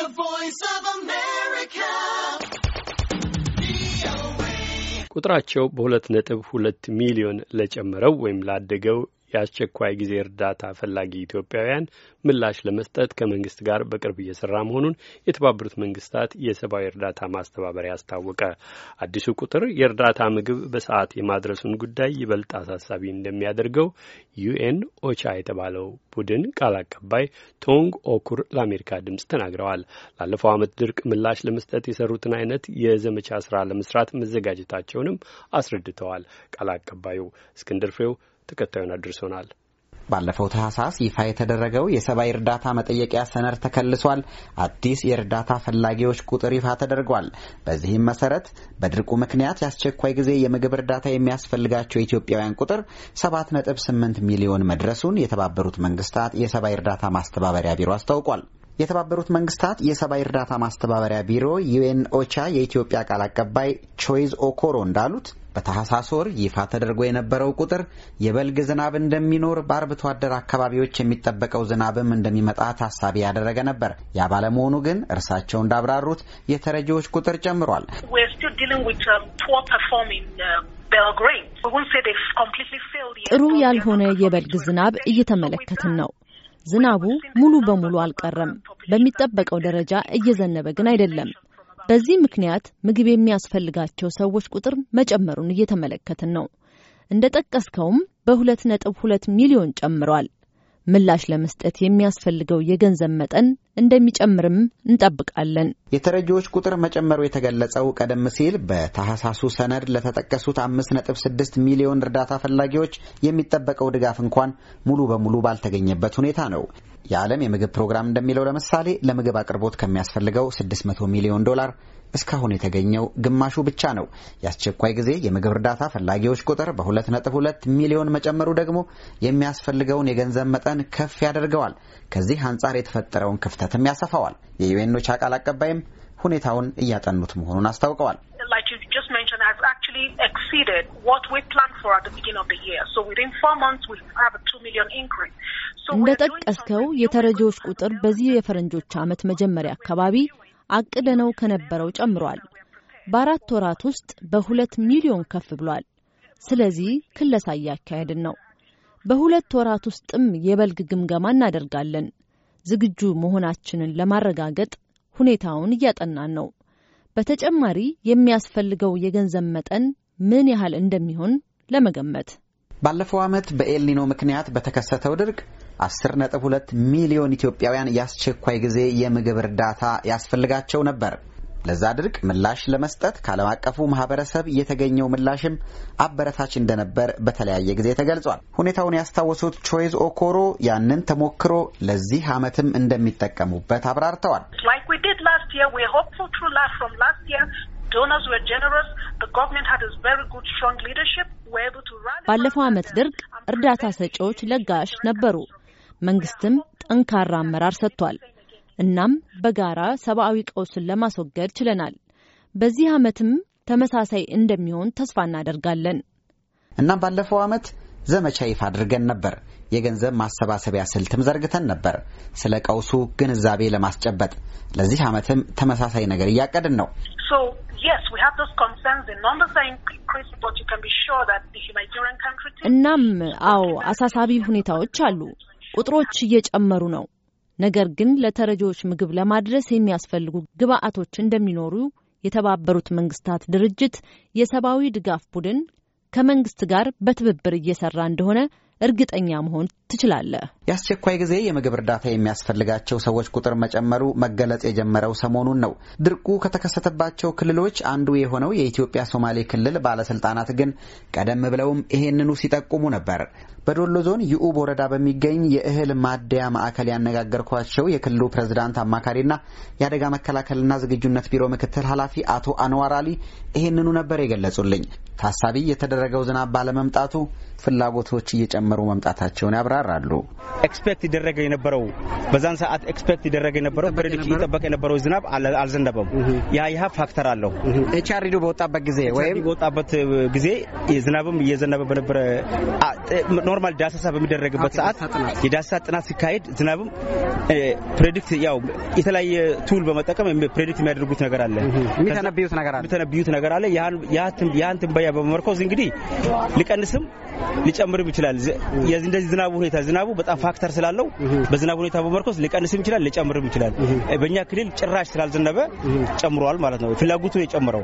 The Voice of America. ቁጥራቸው በሁለት ነጥብ ሁለት ሚሊዮን ለጨመረው ወይም ላደገው የአስቸኳይ ጊዜ እርዳታ ፈላጊ ኢትዮጵያውያን ምላሽ ለመስጠት ከመንግስት ጋር በቅርብ እየሰራ መሆኑን የተባበሩት መንግስታት የሰብአዊ እርዳታ ማስተባበሪያ አስታወቀ። አዲሱ ቁጥር የእርዳታ ምግብ በሰዓት የማድረሱን ጉዳይ ይበልጥ አሳሳቢ እንደሚያደርገው ዩኤን ኦቻ የተባለው ቡድን ቃል አቀባይ ቶንግ ኦኩር ለአሜሪካ ድምፅ ተናግረዋል። ላለፈው ዓመት ድርቅ ምላሽ ለመስጠት የሰሩትን አይነት የዘመቻ ስራ ለመስራት መዘጋጀታቸውንም አስረድተዋል። ቃል አቀባዩ እስክንድር ፍሬው ተከታዩን አድርሶናል። ባለፈው ታህሳስ ይፋ የተደረገው የሰብአዊ እርዳታ መጠየቂያ ሰነድ ተከልሷል። አዲስ የእርዳታ ፈላጊዎች ቁጥር ይፋ ተደርጓል። በዚህም መሰረት በድርቁ ምክንያት የአስቸኳይ ጊዜ የምግብ እርዳታ የሚያስፈልጋቸው ኢትዮጵያውያን ቁጥር 7.8 ሚሊዮን መድረሱን የተባበሩት መንግስታት የሰብአዊ እርዳታ ማስተባበሪያ ቢሮ አስታውቋል። የተባበሩት መንግስታት የሰብአዊ እርዳታ ማስተባበሪያ ቢሮ ዩኤን ኦቻ የኢትዮጵያ ቃል አቀባይ ቾይዝ ኦኮሮ እንዳሉት በታህሳስ ወር ይፋ ተደርጎ የነበረው ቁጥር የበልግ ዝናብ እንደሚኖር በአርብቶ አደር አካባቢዎች የሚጠበቀው ዝናብም እንደሚመጣ ታሳቢ ያደረገ ነበር። ያ ባለመሆኑ ግን እርሳቸው እንዳብራሩት የተረጂዎች ቁጥር ጨምሯል። um, um, ጥሩ ያልሆነ የበልግ ዝናብ እየተመለከትን ነው። ዝናቡ ሙሉ በሙሉ አልቀረም። በሚጠበቀው ደረጃ እየዘነበ ግን አይደለም። በዚህ ምክንያት ምግብ የሚያስፈልጋቸው ሰዎች ቁጥር መጨመሩን እየተመለከትን ነው። እንደ ጠቀስከውም በሁለት ነጥብ ሁለት ሚሊዮን ጨምሯል። ምላሽ ለመስጠት የሚያስፈልገው የገንዘብ መጠን እንደሚጨምርም እንጠብቃለን። የተረጂዎች ቁጥር መጨመሩ የተገለጸው ቀደም ሲል በታህሳሱ ሰነድ ለተጠቀሱት አምስት ነጥብ ስድስት ሚሊዮን እርዳታ ፈላጊዎች የሚጠበቀው ድጋፍ እንኳን ሙሉ በሙሉ ባልተገኘበት ሁኔታ ነው። የዓለም የምግብ ፕሮግራም እንደሚለው ለምሳሌ ለምግብ አቅርቦት ከሚያስፈልገው 600 ሚሊዮን ዶላር እስካሁን የተገኘው ግማሹ ብቻ ነው። የአስቸኳይ ጊዜ የምግብ እርዳታ ፈላጊዎች ቁጥር በ2.2 ሚሊዮን መጨመሩ ደግሞ የሚያስፈልገውን የገንዘብ መጠን ከፍ ያደርገዋል። ከዚህ አንጻር የተፈጠረውን ክፍተትም ያሰፋዋል። የዩኤኖች ቃል አቀባይም ሁኔታውን እያጠኑት መሆኑን አስታውቀዋል። እንደ ጠቀስከው የተረጂዎች ቁጥር በዚህ የፈረንጆች ዓመት መጀመሪያ አካባቢ አቅደነው ከነበረው ጨምሯል። በአራት ወራት ውስጥ በሁለት ሚሊዮን ከፍ ብሏል። ስለዚህ ክለሳ እያካሄድን ነው። በሁለት ወራት ውስጥም የበልግ ግምገማ እናደርጋለን። ዝግጁ መሆናችንን ለማረጋገጥ ሁኔታውን እያጠናን ነው። በተጨማሪ የሚያስፈልገው የገንዘብ መጠን ምን ያህል እንደሚሆን ለመገመት ባለፈው ዓመት በኤልኒኖ ምክንያት በተከሰተው ድርቅ 10.2 ሚሊዮን ኢትዮጵያውያን የአስቸኳይ ጊዜ የምግብ እርዳታ ያስፈልጋቸው ነበር። ለዛ ድርቅ ምላሽ ለመስጠት ከዓለም አቀፉ ማህበረሰብ የተገኘው ምላሽም አበረታች እንደነበር በተለያየ ጊዜ ተገልጿል። ሁኔታውን ያስታወሱት ቾይዝ ኦኮሮ ያንን ተሞክሮ ለዚህ ዓመትም እንደሚጠቀሙበት አብራርተዋል። ባለፈው ዓመት ድርቅ እርዳታ ሰጪዎች ለጋሽ ነበሩ። መንግስትም ጠንካራ አመራር ሰጥቷል። እናም በጋራ ሰብአዊ ቀውስን ለማስወገድ ችለናል። በዚህ ዓመትም ተመሳሳይ እንደሚሆን ተስፋ እናደርጋለን። እናም ባለፈው ዓመት ዘመቻ ይፋ አድርገን ነበር። የገንዘብ ማሰባሰቢያ ስልትም ዘርግተን ነበር ስለ ቀውሱ ግንዛቤ ለማስጨበጥ። ለዚህ ዓመትም ተመሳሳይ ነገር እያቀድን ነው። እናም አዎ አሳሳቢ ሁኔታዎች አሉ። ቁጥሮች እየጨመሩ ነው። ነገር ግን ለተረጂዎች ምግብ ለማድረስ የሚያስፈልጉ ግብአቶች እንደሚኖሩ የተባበሩት መንግስታት ድርጅት የሰብአዊ ድጋፍ ቡድን ከመንግስት ጋር በትብብር እየሰራ እንደሆነ እርግጠኛ መሆን ትችላለህ። የአስቸኳይ ጊዜ የምግብ እርዳታ የሚያስፈልጋቸው ሰዎች ቁጥር መጨመሩ መገለጽ የጀመረው ሰሞኑን ነው። ድርቁ ከተከሰተባቸው ክልሎች አንዱ የሆነው የኢትዮጵያ ሶማሌ ክልል ባለስልጣናት ግን ቀደም ብለውም ይሄንኑ ሲጠቁሙ ነበር። በዶሎ ዞን ይኡብ ወረዳ በሚገኝ የእህል ማደያ ማዕከል ያነጋገርኳቸው የክልሉ ፕሬዝዳንት አማካሪና የአደጋ መከላከልና ዝግጁነት ቢሮ ምክትል ኃላፊ አቶ አንዋር አሊ ይሄንኑ ነበር የገለጹልኝ። ታሳቢ የተደረገው ዝናብ ባለመምጣቱ ፍላጎቶች እየጨመ እየጨመሩ መምጣታቸውን ያብራራሉ። ኤክስፔክት ይደረገ የነበረው በዛን ሰዓት ኤክስፔክት ይደረገ የነበረው ፕሬዲክት ይጠበቅ የነበረው ዝናብ አልዘነበም። ያ ይህ ፋክተር አለው። ኤችአርዲው በወጣበት ጊዜ ወይም በወጣበት ጊዜ ዝናብም እየዘነበ በነበረ ኖርማል ዳሰሳ በሚደረግበት ሰዓት የዳሰሳ ጥናት ሲካሄድ ዝናብም ፕሬዲክት ያው የተለያየ ቱል በመጠቀም ፕሬዲክት የሚያደርጉት ነገር አለ፣ የሚተነብዩት ነገር አለ። ያን ትንበያ በመመርኮዝ እንግዲህ ሊቀንስም ሊጨምርም ይችላል። እንደዚህ ዝናቡ ሁኔታ ዝናቡ በጣም ፋክተር ስላለው በዝናቡ ሁኔታ በመርኮስ ሊቀንስም ይችላል ሊጨምርም ይችላል። በእኛ ክልል ጭራሽ ስላልዘነበ ጨምሯል ማለት ነው። ፍላጎቱ የጨምረው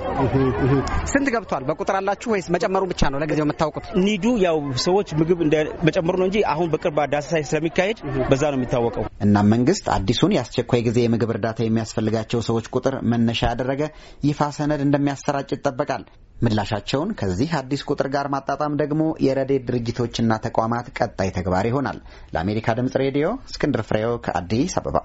ስንት ገብቷል? በቁጥር አላችሁ ወይስ መጨመሩ ብቻ ነው ለጊዜው የምታውቁት? ኒዱ ያው ሰዎች ምግብ መጨመሩ ነው እንጂ አሁን በቅርብ ዳሰሳ ስለሚካሄድ በዛ ነው የሚታወቀው። እናም መንግስት አዲሱን የአስቸኳይ ጊዜ የምግብ እርዳታ የሚያስፈልጋቸው ሰዎች ቁጥር መነሻ ያደረገ ይፋ ሰነድ እንደሚያሰራጭ ይጠበቃል። ምላሻቸውን ከዚህ አዲስ ቁጥር ጋር ማጣጣም ደግሞ የረድኤት ድርጅቶችና ተቋማት ቀጣይ ተግባር ይሆናል። ለአሜሪካ ድምጽ ሬዲዮ እስክንድር ፍሬው ከአዲስ አበባ